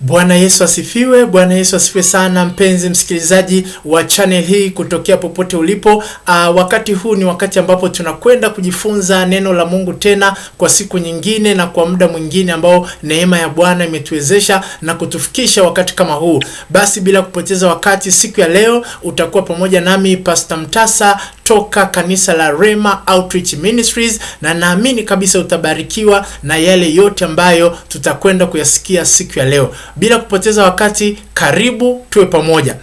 Bwana Yesu asifiwe. Bwana Yesu asifiwe sana, mpenzi msikilizaji wa channel hii kutokea popote ulipo. Aa, ah, wakati huu ni wakati ambapo tunakwenda kujifunza neno la Mungu tena kwa siku nyingine na kwa muda mwingine ambao neema ya Bwana imetuwezesha na kutufikisha wakati kama huu. Basi bila kupoteza wakati, siku ya leo utakuwa pamoja nami Pastor Mtasa kutoka kanisa la Rema Outreach Ministries, na naamini kabisa utabarikiwa na yale yote ambayo tutakwenda kuyasikia siku ya leo. Bila kupoteza wakati, karibu tuwe pamoja.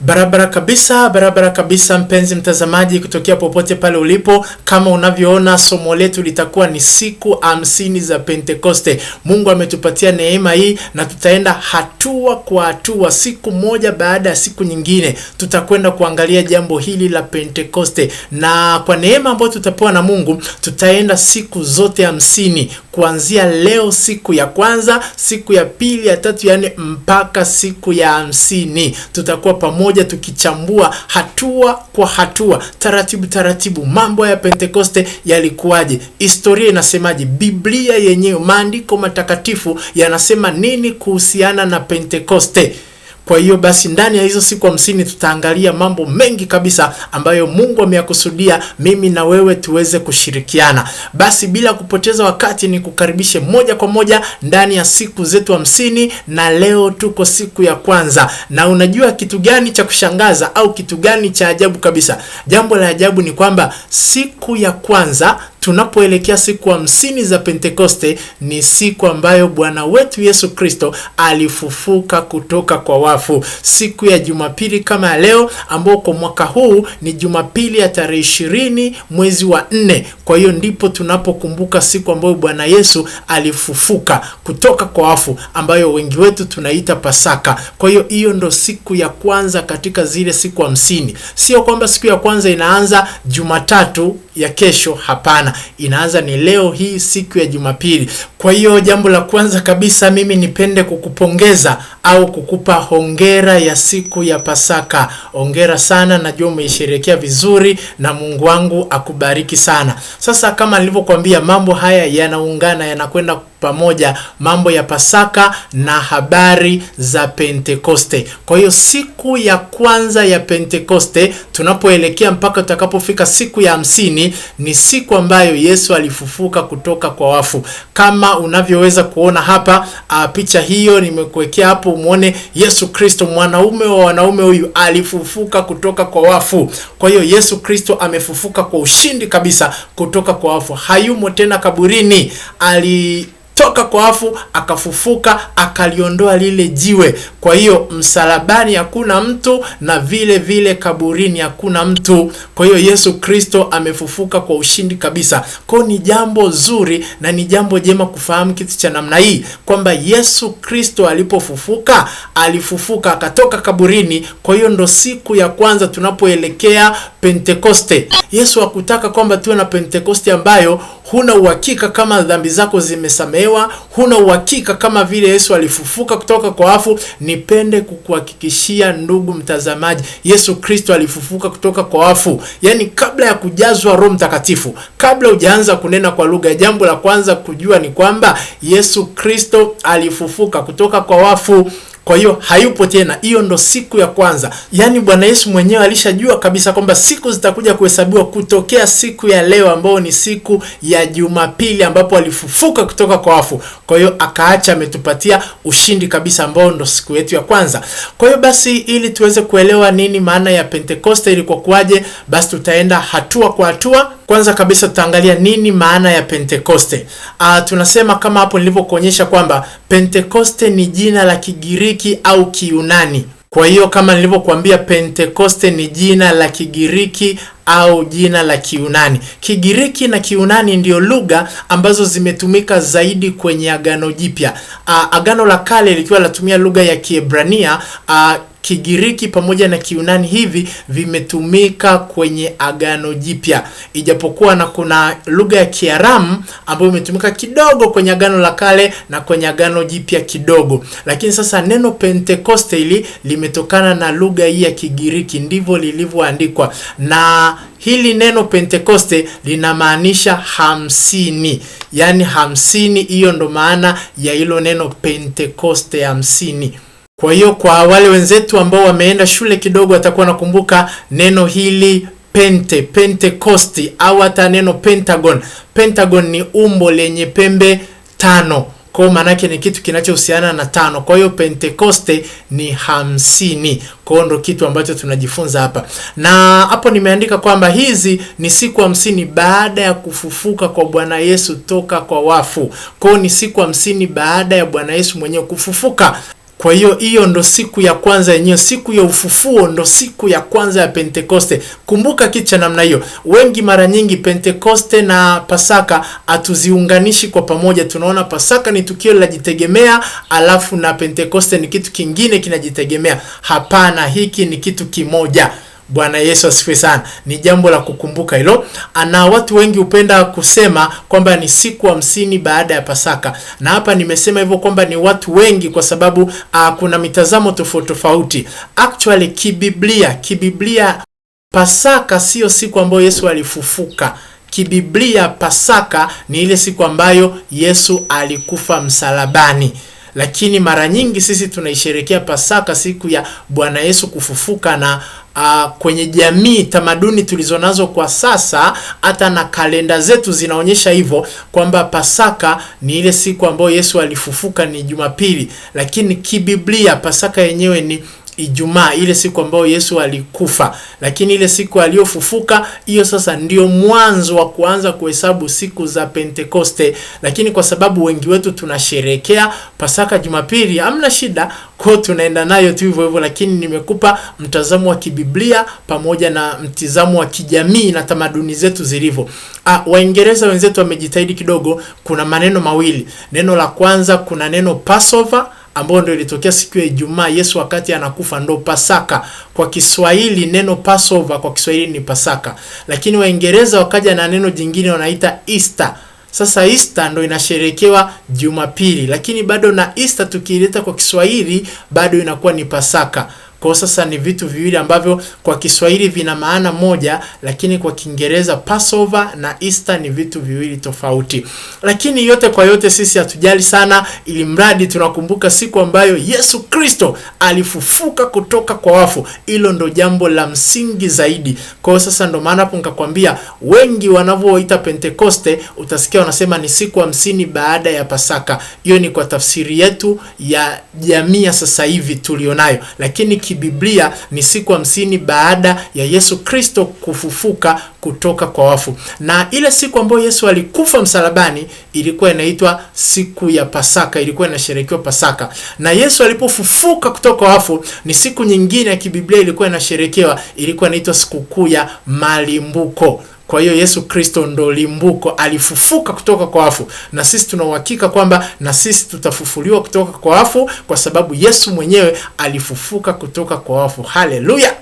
Barabara kabisa, barabara kabisa, mpenzi mtazamaji, kutokea popote pale ulipo. Kama unavyoona, somo letu litakuwa ni siku hamsini za Pentekoste. Mungu ametupatia neema hii, na tutaenda hatua kwa hatua, siku moja baada ya siku nyingine, tutakwenda kuangalia jambo hili la Pentekoste, na kwa neema ambayo tutapewa na Mungu, tutaenda siku zote hamsini kuanzia leo, siku ya kwanza, siku ya pili, ya tatu, yani mpaka siku ya hamsini. Tutakuwa pamoja tukichambua hatua kwa hatua, taratibu taratibu, mambo ya Pentekoste yalikuwaje, historia inasemaje, Biblia yenyewe, maandiko matakatifu yanasema nini kuhusiana na Pentekoste. Kwa hiyo basi ndani ya hizo siku hamsini tutaangalia mambo mengi kabisa ambayo Mungu ameyakusudia mimi na wewe tuweze kushirikiana. Basi bila kupoteza wakati, ni kukaribishe moja kwa moja ndani ya siku zetu hamsini, na leo tuko siku ya kwanza. Na unajua kitu gani cha kushangaza au kitu gani cha ajabu kabisa? Jambo la ajabu ni kwamba siku ya kwanza tunapoelekea siku hamsini za Pentekoste, ni siku ambayo Bwana wetu Yesu Kristo alifufuka kutoka kwa wafu, siku ya Jumapili kama ya leo, ambao kwa mwaka huu ni Jumapili ya tarehe ishirini mwezi wa nne. Kwa hiyo ndipo tunapokumbuka siku ambayo Bwana Yesu alifufuka kutoka kwa wafu, ambayo wengi wetu tunaita Pasaka. Kwa hiyo hiyo ndo siku ya kwanza katika zile siku hamsini. Sio kwamba siku ya kwanza inaanza Jumatatu ya kesho. Hapana, inaanza ni leo hii, siku ya Jumapili. Kwa hiyo jambo la kwanza kabisa mimi nipende kukupongeza au kukupa hongera ya siku ya Pasaka. Hongera sana, najua umeisherehekea vizuri na Mungu wangu akubariki sana. Sasa kama nilivyokuambia, mambo haya yanaungana, yanakwenda pamoja, mambo ya Pasaka na habari za Pentekoste. Kwa hiyo siku ya kwanza ya Pentekoste tunapoelekea mpaka tutakapofika siku ya hamsini ni siku ambayo Yesu alifufuka kutoka kwa wafu kama unavyoweza kuona hapa a, ah, picha hiyo nimekuwekea hapo, umwone Yesu Kristo, mwanaume wa wanaume, huyu alifufuka kutoka kwa wafu. Kwa hiyo Yesu Kristo amefufuka kwa ushindi kabisa kutoka kwa wafu, hayumo tena kaburini ali toka kwa wafu, akafufuka akaliondoa lile jiwe. Kwa hiyo msalabani hakuna mtu na vile vile kaburini hakuna mtu. Kwa hiyo Yesu Kristo amefufuka kwa ushindi kabisa. Kwa hiyo ni jambo zuri na ni jambo jema kufahamu kitu cha namna hii kwamba Yesu Kristo alipofufuka alifufuka akatoka kaburini. Kwa hiyo ndo siku ya kwanza tunapoelekea Pentekoste. Yesu hakutaka kwamba tuwe na Pentekoste ambayo huna uhakika kama dhambi zako zimesamehewa, huna uhakika kama vile Yesu alifufuka kutoka kwa wafu. Nipende kukuhakikishia ndugu mtazamaji, Yesu Kristo alifufuka kutoka kwa wafu. Yaani, kabla ya kujazwa Roho Mtakatifu, kabla hujaanza kunena kwa lugha, jambo la kwanza kujua ni kwamba Yesu Kristo alifufuka kutoka kwa wafu. Kwa hiyo hayupo tena. Hiyo ndo siku ya kwanza. Yaani Bwana Yesu mwenyewe alishajua kabisa kwamba siku zitakuja kuhesabiwa kutokea siku ya leo ambayo ni siku ya Jumapili ambapo alifufuka kutoka kwa wafu. Kwa hiyo akaacha ametupatia ushindi kabisa ambao ndo siku yetu ya kwanza. Kwa hiyo basi ili tuweze kuelewa nini maana ya Pentekoste ilikuwa kuwaje, basi tutaenda hatua kwa hatua. Kwanza kabisa tutaangalia nini maana ya Pentekoste. Ah, tunasema kama hapo nilipokuonyesha kwamba Pentekoste ni jina la Kigiriki Kigiriki au kiunani Kwa hiyo kama nilivyokuambia, Pentekoste ni jina la Kigiriki au jina la kiunani Kigiriki na kiunani ndiyo lugha ambazo zimetumika zaidi kwenye Agano Jipya. Ah, Agano la Kale likiwa latumia lugha ya Kiebrania. Ah, Kigiriki pamoja na Kiunani hivi vimetumika kwenye Agano Jipya, ijapokuwa na kuna lugha ya Kiaramu ambayo imetumika kidogo kwenye Agano la Kale na kwenye Agano Jipya kidogo. Lakini sasa neno Pentekoste hili limetokana na lugha hii ya Kigiriki, ndivyo lilivyoandikwa na hili neno Pentekoste linamaanisha hamsini, yaani hamsini. Hiyo ndo maana ya hilo neno Pentekoste, hamsini. Kwa hiyo kwa wale wenzetu ambao wameenda shule kidogo, watakuwa nakumbuka neno hili pente, pentekosti au hata neno pentagon. Pentagon ni umbo lenye pembe tano, kwa maanake ni kitu kinachohusiana na tano. Kwa hiyo pentekoste ni hamsini. Kwa hiyo ndo kitu ambacho tunajifunza hapa, na hapo nimeandika kwamba hizi ni siku hamsini baada ya kufufuka kwa Bwana Yesu toka kwa wafu. Kwa hiyo ni siku hamsini baada ya Bwana Yesu mwenyewe kufufuka. Kwa hiyo hiyo ndo siku ya kwanza yenyewe, siku ya ufufuo ndo siku ya kwanza ya Pentekoste. Kumbuka kitu cha namna hiyo. Wengi mara nyingi Pentekoste na Pasaka hatuziunganishi kwa pamoja. Tunaona Pasaka ni tukio linajitegemea, alafu na Pentekoste ni kitu kingine kinajitegemea. Hapana, hiki ni kitu kimoja. Bwana Yesu asifiwe sana. Ni jambo la kukumbuka hilo, na watu wengi hupenda kusema kwamba ni siku hamsini baada ya Pasaka, na hapa nimesema hivyo kwamba ni watu wengi kwa sababu uh, kuna mitazamo tofauti tofauti. Actually kibiblia, kibiblia Pasaka siyo siku ambayo Yesu alifufuka. Kibiblia Pasaka ni ile siku ambayo Yesu alikufa msalabani lakini mara nyingi sisi tunaisherekea Pasaka, siku ya Bwana Yesu kufufuka na Uh, kwenye jamii tamaduni tulizonazo kwa sasa, hata na kalenda zetu zinaonyesha hivyo kwamba Pasaka ni ile siku ambayo Yesu alifufuka, ni Jumapili, lakini kibiblia Pasaka yenyewe ni Ijumaa, ile siku ambayo Yesu alikufa, lakini ile siku aliyofufuka, hiyo sasa ndio mwanzo wa kuanza kuhesabu siku za Pentekoste. Lakini kwa sababu wengi wetu tunasherekea Pasaka Jumapili, hamna shida, kwa tunaenda nayo tu hivyo hivyo, lakini nimekupa mtazamo wa kibiblia pamoja na mtizamo wa kijamii na tamaduni zetu zilivyo. Ah, Waingereza wenzetu wamejitahidi kidogo. Kuna maneno mawili, neno la kwanza kuna neno Passover ambayo ndio ilitokea siku ya Ijumaa, Yesu wakati anakufa, ndo Pasaka. Kwa Kiswahili neno Passover kwa Kiswahili ni Pasaka, lakini Waingereza wakaja na neno jingine wanaita Easter. Sasa Easter ndo inasherekewa Jumapili, lakini bado na Easter tukiileta kwa Kiswahili bado inakuwa ni Pasaka. Kwa sasa ni vitu viwili ambavyo kwa Kiswahili vina maana moja, lakini kwa Kiingereza Passover na Easter ni vitu viwili tofauti. Lakini yote kwa yote, sisi hatujali sana, ili mradi tunakumbuka siku ambayo Yesu Kristo alifufuka kutoka kwa wafu. Hilo ndo jambo la msingi zaidi. Kwa sasa ndo maana hapo nikakwambia wengi wanavyoita Pentekoste, utasikia wanasema ni siku hamsini baada ya Pasaka. Hiyo ni kwa tafsiri yetu ya jamii sasa hivi tulionayo, lakini kibiblia ni siku hamsini baada ya Yesu Kristo kufufuka kutoka kwa wafu, na ile siku ambayo Yesu alikufa msalabani ilikuwa inaitwa siku ya Pasaka, ilikuwa inasherekewa Pasaka. Na Yesu alipofufuka kutoka kwa wafu, ni siku nyingine ya kibiblia ilikuwa inasherekewa ilikuwa inaitwa sikukuu ya Malimbuko. Kwa hiyo Yesu Kristo ndo limbuko, alifufuka kutoka kwa wafu, na sisi tuna uhakika kwamba na sisi tutafufuliwa kutoka kwa wafu, kwa sababu Yesu mwenyewe alifufuka kutoka kwa wafu. Haleluya!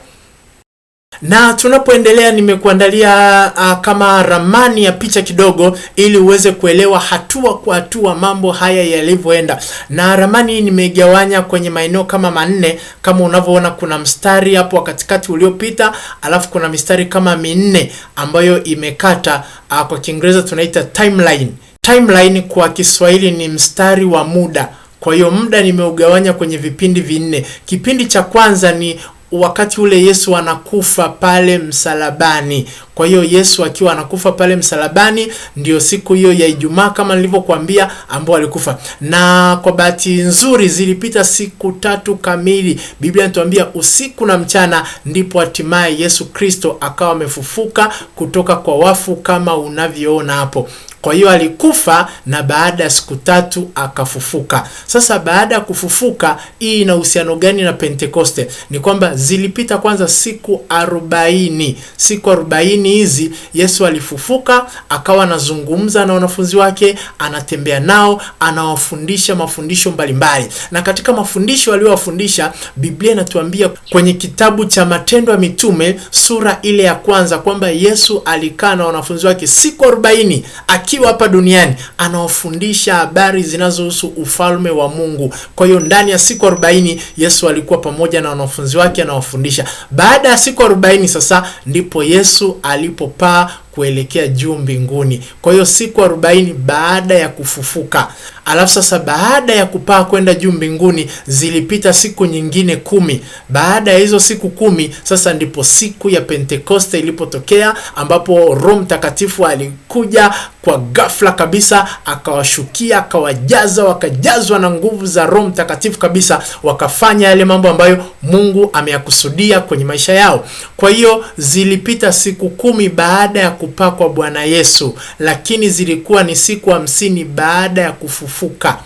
Na tunapoendelea nimekuandalia uh, kama ramani ya picha kidogo ili uweze kuelewa hatua kwa hatua mambo haya yalivyoenda. Na ramani hii nimeigawanya kwenye maeneo kama manne kama unavyoona kuna mstari hapo katikati uliopita, alafu kuna mistari kama minne ambayo imekata uh, kwa Kiingereza tunaita timeline. Timeline kwa Kiswahili ni mstari wa muda. Kwa hiyo muda nimeugawanya kwenye vipindi vinne. Kipindi cha kwanza ni wakati ule Yesu anakufa pale msalabani. Kwa hiyo Yesu akiwa anakufa pale msalabani, ndio siku hiyo ya Ijumaa kama nilivyokuambia, ambao alikufa. Na kwa bahati nzuri zilipita siku tatu kamili, Biblia inatuambia usiku na mchana, ndipo hatimaye Yesu Kristo akawa amefufuka kutoka kwa wafu, kama unavyoona hapo. Kwa hiyo alikufa na baada ya siku tatu akafufuka. Sasa baada ya kufufuka, hii ina uhusiano gani na Pentekoste? Ni kwamba zilipita kwanza siku arobaini. Siku arobaini hizi Yesu alifufuka, akawa anazungumza na wanafunzi wake, anatembea nao, anawafundisha mafundisho mbalimbali, na katika mafundisho aliyowafundisha, Biblia inatuambia kwenye kitabu cha Matendo ya Mitume sura ile ya kwanza kwamba Yesu alikaa na wanafunzi wake siku arobaini akiwa hapa duniani anawafundisha habari zinazohusu ufalme wa Mungu. Kwa hiyo ndani ya siku 40 Yesu alikuwa pamoja na wanafunzi wake anawafundisha. Baada ya siku 40 sasa ndipo Yesu alipopaa kuelekea juu mbinguni. Kwa hiyo siku 40 baada ya kufufuka Alafu sasa baada ya kupaa kwenda juu mbinguni zilipita siku nyingine kumi. Baada ya hizo siku kumi, sasa ndipo siku ya Pentekoste ilipotokea, ambapo Roho Mtakatifu alikuja kwa ghafla kabisa, akawashukia, akawajaza, wakajazwa na nguvu za Roho Mtakatifu kabisa, wakafanya yale mambo ambayo Mungu ameyakusudia kwenye maisha yao. Kwa hiyo zilipita siku kumi baada ya kupaa kwa Bwana Yesu, lakini zilikuwa ni siku hamsini baada ya kufufuka focar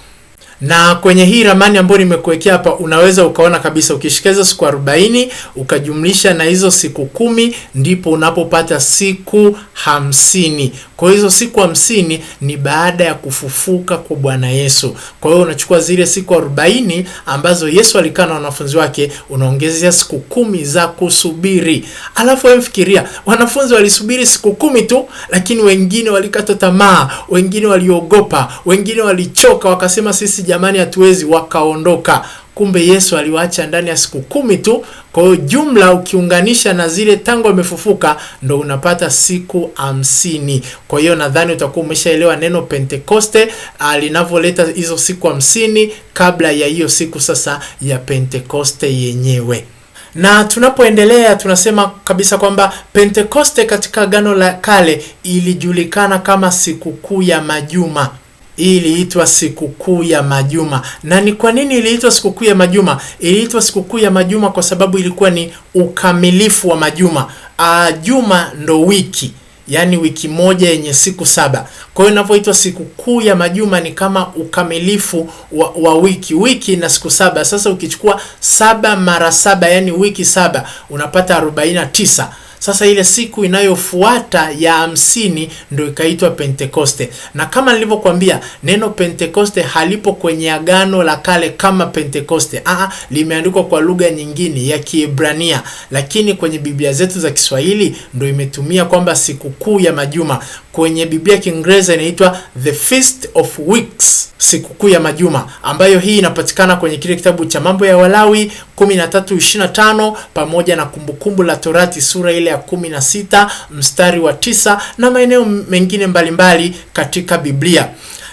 na kwenye hii ramani ambayo nimekuwekea hapa unaweza ukaona kabisa, ukishikeza siku 40 ukajumlisha na hizo siku kumi, ndipo unapopata siku hamsini. Kwa hizo siku hamsini ni baada ya kufufuka kwa Bwana Yesu. Kwa hiyo unachukua zile siku 40 ambazo Yesu alikaa na wanafunzi wake, unaongezea siku kumi za kusubiri. Alafu wewe wanafunzi walisubiri siku kumi tu, lakini wengine walikata tamaa, wengine waliogopa, wengine walichoka, wakasema sisi jamani, hatuwezi, wakaondoka. Kumbe Yesu aliwaacha ndani ya siku kumi tu. Kwa hiyo jumla ukiunganisha na zile tangu amefufuka ndo unapata siku hamsini. Kwa hiyo nadhani utakuwa umeshaelewa neno Pentekoste ah, linavyoleta hizo siku hamsini kabla ya hiyo siku sasa ya Pentekoste yenyewe na tunapoendelea tunasema kabisa kwamba Pentekoste katika Agano la Kale ilijulikana kama sikukuu ya majuma. Hii iliitwa sikukuu ya majuma. Na ni kwa nini iliitwa sikukuu ya majuma? Iliitwa sikukuu ya majuma kwa sababu ilikuwa ni ukamilifu wa majuma. A, ah, juma ndo wiki, yaani wiki moja yenye siku saba. Kwa hiyo inapoitwa sikukuu ya majuma ni kama ukamilifu wa, wa wiki. Wiki na siku saba. Sasa ukichukua saba mara saba, yaani wiki saba, unapata arobaini na tisa. Sasa ile siku inayofuata ya hamsini ndio ikaitwa Pentekoste, na kama nilivyokuambia neno Pentekoste halipo kwenye Agano la Kale kama Pentekoste. ah, ah limeandikwa kwa lugha nyingine ya Kiebrania, lakini kwenye Biblia zetu za Kiswahili ndio imetumia kwamba siku kuu ya majuma kwenye Biblia Kiingereza inaitwa The Feast of Weeks, sikukuu ya majuma, ambayo hii inapatikana kwenye kile kitabu cha mambo ya Walawi 13:25 pamoja na kumbukumbu la Torati sura ile ya 16 mstari wa tisa na maeneo mengine mbalimbali katika Biblia.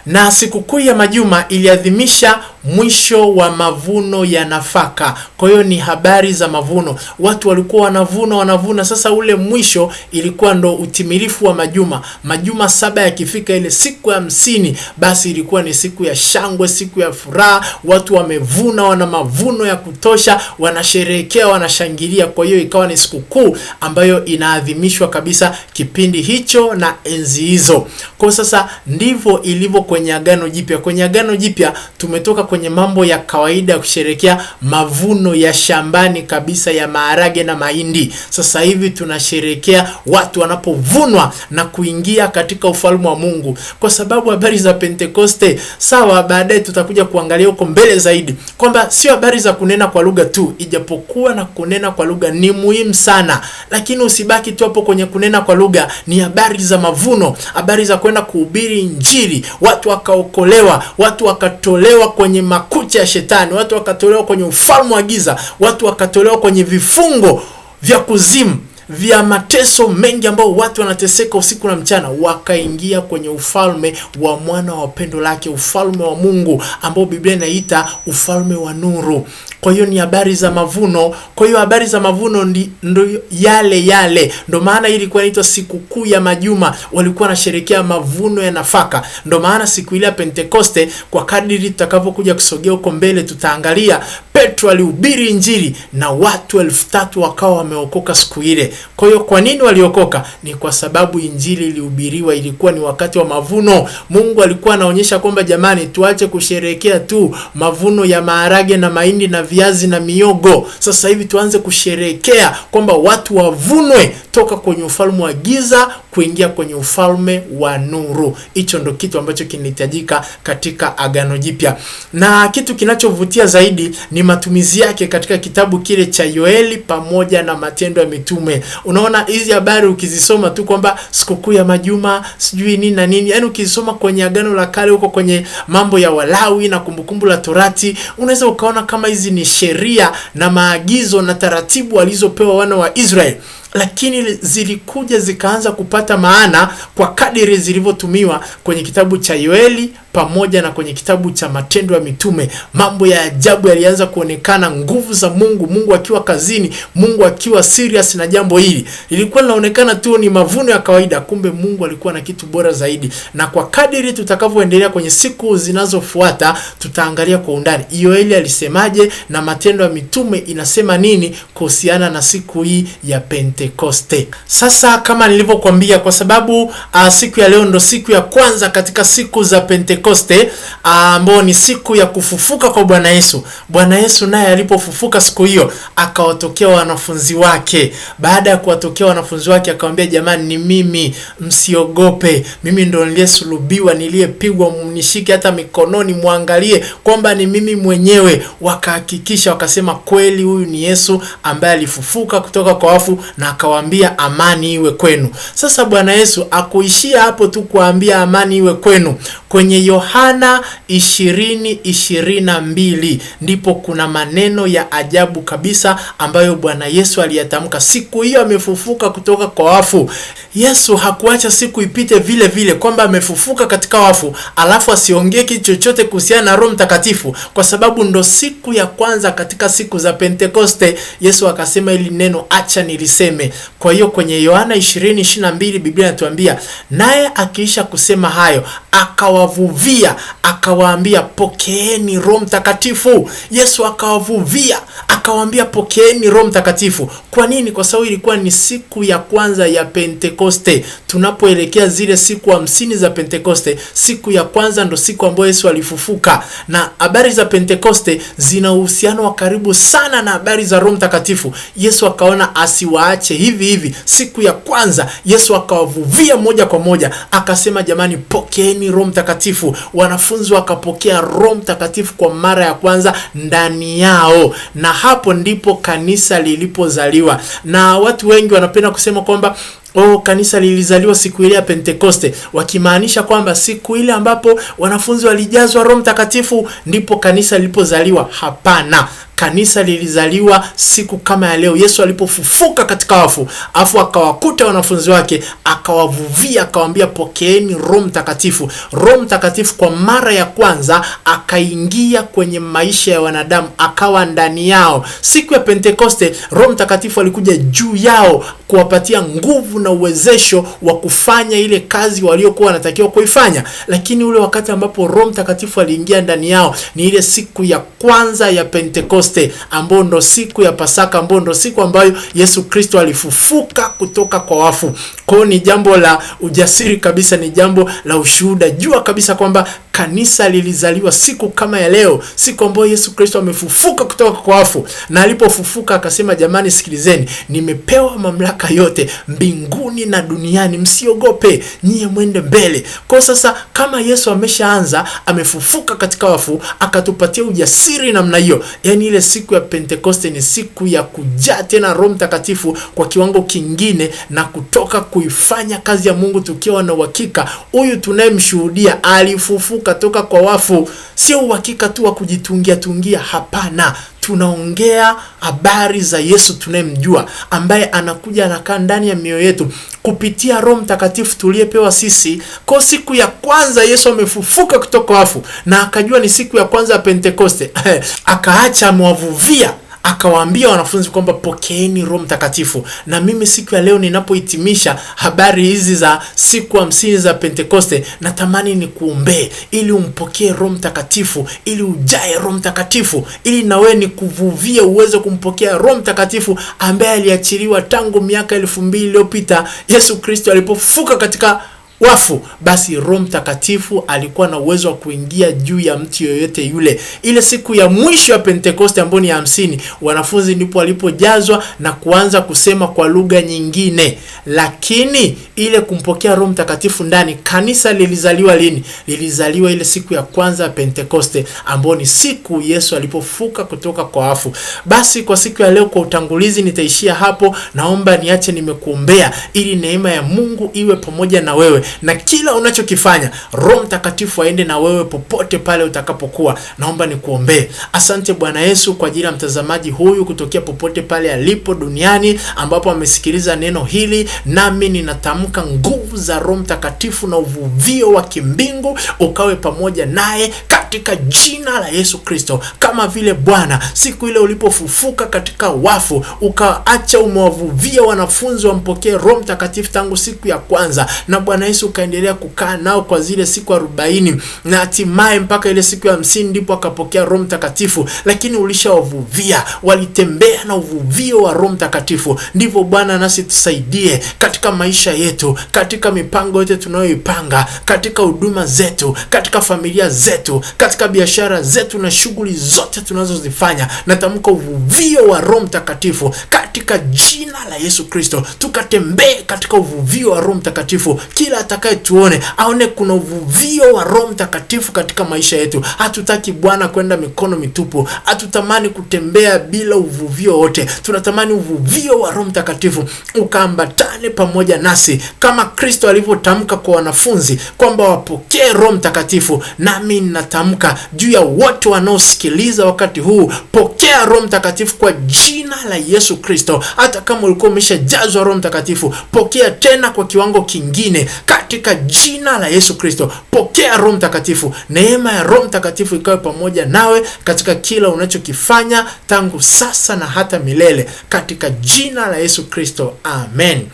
Na sikukuu ya majuma iliadhimisha mwisho wa mavuno ya nafaka. Kwa hiyo ni habari za mavuno. Watu walikuwa wanavuna wanavuna, sasa ule mwisho ilikuwa ndo utimilifu wa majuma. Majuma saba yakifika, ile siku ya hamsini, basi ilikuwa ni siku ya shangwe, siku ya furaha. Watu wamevuna, wana mavuno ya kutosha, wanasherehekea, wanashangilia. Kwa hiyo ikawa ni siku kuu ambayo inaadhimishwa kabisa kipindi hicho na enzi hizo. Kwa sasa ndivyo ilivyo kwenye Agano Jipya. Kwenye Agano Jipya tumetoka kwenye mambo ya kawaida kusherekea mavuno ya shambani kabisa ya maharage na mahindi. Sasa hivi tunasherekea watu wanapovunwa na kuingia katika ufalme wa Mungu, kwa sababu habari za Pentekoste, sawa, baadaye tutakuja kuangalia huko mbele zaidi kwamba sio habari za kunena kwa lugha tu, ijapokuwa na kunena kwa lugha ni muhimu sana, lakini usibaki tu hapo kwenye kunena kwa lugha. Ni habari za mavuno, habari za kwenda kuhubiri Injili, watu wakaokolewa, watu wakatolewa kwenye makucha ya shetani, watu wakatolewa kwenye ufalme wa giza, watu wakatolewa kwenye vifungo vya kuzimu vya mateso mengi ambayo watu wanateseka usiku na mchana, wakaingia kwenye ufalme wa mwana wa pendo lake, ufalme wa Mungu ambao Biblia inaita ufalme wa nuru. Kwa hiyo ni habari za mavuno. Kwa hiyo habari za mavuno ndi, ndo yale yale, ndo maana ilikuwa inaitwa sikukuu ya majuma, walikuwa wanasherekea mavuno ya nafaka. Ndo maana siku ile ya Pentekoste, kwa kadiri tutakavyokuja kusogea huko mbele, tutaangalia Petro alihubiri Injili na watu elfu tatu wakawa wameokoka siku ile. Kwa hiyo kwa nini waliokoka? Ni kwa sababu Injili ilihubiriwa, ilikuwa ni wakati wa mavuno. Mungu alikuwa anaonyesha kwamba jamani, tuache kusherekea tu mavuno ya maharage na mahindi na viazi na miogo. Sasa hivi tuanze kusherehekea kwamba watu wavunwe toka kwenye ufalme wa giza kuingia kwenye ufalme wa nuru. Hicho ndo kitu ambacho kinahitajika katika Agano Jipya, na kitu kinachovutia zaidi ni matumizi yake katika kitabu kile cha Yoeli pamoja na Matendo ya Mitume. Unaona hizi habari ukizisoma tu kwamba sikukuu ya majuma sijui nini na nini, yaani ukizisoma kwenye Agano la Kale huko kwenye mambo ya Walawi na Kumbukumbu la Torati, unaweza ukaona kama hizi ni sheria na maagizo na taratibu walizopewa wana wa Israeli lakini zilikuja zikaanza kupata maana kwa kadiri zilivyotumiwa kwenye kitabu cha Yoeli pamoja na kwenye kitabu cha Matendo ya Mitume. Mambo ya ajabu yalianza kuonekana, nguvu za Mungu, Mungu akiwa kazini, Mungu akiwa serious na jambo hili. Ilikuwa linaonekana tu ni mavuno ya kawaida, kumbe Mungu alikuwa na kitu bora zaidi. Na kwa kadiri tutakavyoendelea kwenye siku zinazofuata, tutaangalia kwa undani Yoeli alisemaje na Matendo ya Mitume inasema nini kuhusiana na siku hii ya Pente Pentekoste. Sasa kama nilivyokuambia, kwa sababu a, ah, siku ya leo ndo siku ya kwanza katika siku za Pentekoste ah, ambao ni siku ya kufufuka kwa Bwana Yesu. Bwana Yesu naye alipofufuka siku hiyo akawatokea wanafunzi wake. Baada ya kuwatokea wanafunzi wake akamwambia jamani, ni mimi, msiogope. Mimi ndo niliyesulubiwa, niliyepigwa, mnishike hata mikononi, mwangalie kwamba ni mimi mwenyewe. Wakahakikisha wakasema, kweli huyu ni Yesu ambaye alifufuka kutoka kwa wafu na akawaambia amani iwe kwenu. Sasa Bwana Yesu akuishia hapo tu kuambia amani iwe kwenu, Kwenye Yohana 20:22 ndipo kuna maneno ya ajabu kabisa ambayo Bwana Yesu aliyatamka siku hiyo amefufuka kutoka kwa wafu. Yesu hakuacha siku ipite vile vile kwamba amefufuka katika wafu, alafu asiongee kitu chochote kuhusiana na Roho Mtakatifu, kwa sababu ndo siku ya kwanza katika siku za Pentekoste Yesu akasema ili neno, acha niliseme. Kwa hiyo kwenye Yohana 20:22 Biblia inatuambia naye akiisha kusema hayo akawa akawavuvia akawaambia, pokeeni Roho Mtakatifu. Yesu akawavuvia akawaambia, pokeeni Roho Mtakatifu. Kwa nini? Kwa sababu ilikuwa ni siku ya kwanza ya Pentekoste. Tunapoelekea zile siku hamsini za Pentekoste, siku ya kwanza ndo siku ambayo Yesu alifufuka, na habari za Pentekoste zina uhusiano wa karibu sana na habari za Roho Mtakatifu. Yesu akaona asiwaache hivi hivi. Siku ya kwanza Yesu akawavuvia moja kwa moja, akasema, jamani, pokeeni Roho Mtakatifu. Mtakatifu, wanafunzi wakapokea Roho Mtakatifu kwa mara ya kwanza ndani yao, na hapo ndipo kanisa lilipozaliwa. Na watu wengi wanapenda kusema kwamba Oh, kanisa lilizaliwa siku ile ya Pentekoste, wakimaanisha kwamba siku ile ambapo wanafunzi walijazwa Roho Mtakatifu ndipo kanisa lilipozaliwa. Hapana, Kanisa lilizaliwa siku kama ya leo, Yesu alipofufuka katika wafu, afu akawakuta wanafunzi wake, akawavuvia, akawaambia pokeeni Roho Mtakatifu. Roho Mtakatifu kwa mara ya kwanza akaingia kwenye maisha ya wanadamu, akawa ndani yao. Siku ya Pentekoste, Roho Mtakatifu alikuja juu yao kuwapatia nguvu na uwezesho wa kufanya ile kazi waliokuwa wanatakiwa kuifanya. Lakini ule wakati ambapo Roho Mtakatifu aliingia ndani yao ni ile siku ya kwanza ya Pentekoste. Pentekoste, ambao ndo siku ya Pasaka, ambao ndo siku ambayo Yesu Kristo alifufuka kutoka kwa wafu. Kwao ni jambo la ujasiri kabisa, ni jambo la ushuhuda. Jua kabisa kwamba kanisa lilizaliwa siku kama ya leo, siku ambayo Yesu Kristo amefufuka kutoka kwa wafu, na alipofufuka akasema, jamani, sikilizeni, nimepewa mamlaka yote mbinguni na duniani, msiogope, nyie mwende mbele. Kwa sasa kama Yesu ameshaanza, amefufuka katika wafu, akatupatia ujasiri namna hiyo, yani ile siku ya Pentekoste ni siku ya kujaa tena Roho Mtakatifu kwa kiwango kingine na kutoka kuifanya kazi ya Mungu tukiwa na uhakika huyu tunayemshuhudia alifufuka toka kwa wafu, sio uhakika tu wa kujitungia tungia, hapana tunaongea habari za Yesu tunayemjua, ambaye anakuja anakaa ndani ya mioyo yetu kupitia Roho Mtakatifu tuliyepewa sisi. Kwa siku ya kwanza Yesu amefufuka kutoka wafu na akajua ni siku ya kwanza ya Pentekoste akaacha amewavuvia akawaambia wanafunzi kwamba pokeeni Roho Mtakatifu. Na mimi siku ya leo ninapohitimisha habari hizi za siku hamsini za Pentekoste, natamani ni kuombee ili umpokee Roho Mtakatifu, ili ujae Roho Mtakatifu, ili na wewe ni kuvuvia uweze kumpokea Roho Mtakatifu ambaye aliachiliwa tangu miaka elfu mbili iliyopita Yesu Kristo alipofuka katika wafu, basi Roho Mtakatifu alikuwa na uwezo wa kuingia juu ya mtu yoyote yule. Ile siku ya mwisho ya Pentekoste ambayo ni hamsini, wanafunzi ndipo walipojazwa na kuanza kusema kwa lugha nyingine. Lakini ile kumpokea Roho Mtakatifu ndani, kanisa lilizaliwa lini? Lilizaliwa ile siku ya kwanza ya Pentekoste ambayo ni siku Yesu alipofuka kutoka kwa wafu. Basi kwa siku ya leo, kwa utangulizi nitaishia hapo. Naomba niache nimekuombea, ili neema ya Mungu iwe pamoja na wewe na kila unachokifanya, Roho Mtakatifu aende na wewe popote pale utakapokuwa. Naomba nikuombee. Asante Bwana Yesu kwa ajili ya mtazamaji huyu kutokea popote pale alipo duniani ambapo amesikiliza neno hili, nami ninatamka nguvu za Roho Mtakatifu na uvuvio wa kimbingu ukawe pamoja naye katika jina la Yesu Kristo, kama vile Bwana siku ile ulipofufuka katika wafu ukaacha umewavuvia wanafunzi wampokee Roho Mtakatifu tangu siku ya kwanza na Bwana Yesu ukaendelea kukaa nao kwa zile siku arobaini na hatimaye mpaka ile siku ya hamsini ndipo akapokea Roho Mtakatifu, lakini ulishawavuvia, walitembea na uvuvio wa Roho Mtakatifu. Ndivyo Bwana nasi tusaidie katika maisha yetu, katika mipango yote tunayoipanga, katika huduma zetu, katika familia zetu, katika biashara zetu na shughuli zote tunazozifanya. Natamka uvuvio wa Roho Mtakatifu katika jina la Yesu Kristo, tukatembee katika uvuvio wa Roho Mtakatifu kila atakaye tuone aone kuna uvuvio wa Roho Mtakatifu katika maisha yetu. Hatutaki Bwana kwenda mikono mitupu, hatutamani kutembea bila uvuvio wote. Tunatamani uvuvio wa Roho Mtakatifu ukaambatane pamoja nasi kama Kristo alivyotamka kwa wanafunzi kwamba wapokee Roho Mtakatifu. Nami ninatamka juu ya wote wanaosikiliza wakati huu, pokea Roho Mtakatifu kwa jina la Yesu Kristo. Hata kama ulikuwa umeshajazwa Roho Mtakatifu, pokea tena kwa kiwango kingine katika jina la Yesu Kristo. Pokea Roho Mtakatifu. Neema ya Roho Mtakatifu ikawe pamoja nawe katika kila unachokifanya tangu sasa na hata milele, katika jina la Yesu Kristo, amen.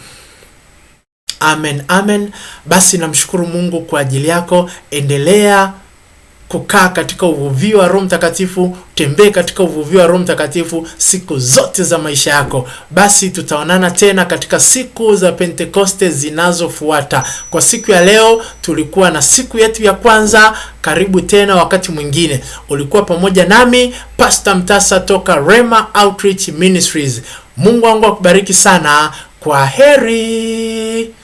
Amen, amen. Basi namshukuru Mungu kwa ajili yako. Endelea kukaa katika uvuvio wa Roho Mtakatifu, tembee katika uvuvio wa Roho Mtakatifu siku zote za maisha yako. Basi tutaonana tena katika siku za Pentekoste zinazofuata. Kwa siku ya leo tulikuwa na siku yetu ya kwanza. Karibu tena wakati mwingine. Ulikuwa pamoja nami Pastor Mtasa toka Rema Outreach Ministries. Mungu wangu akubariki sana. Kwa heri.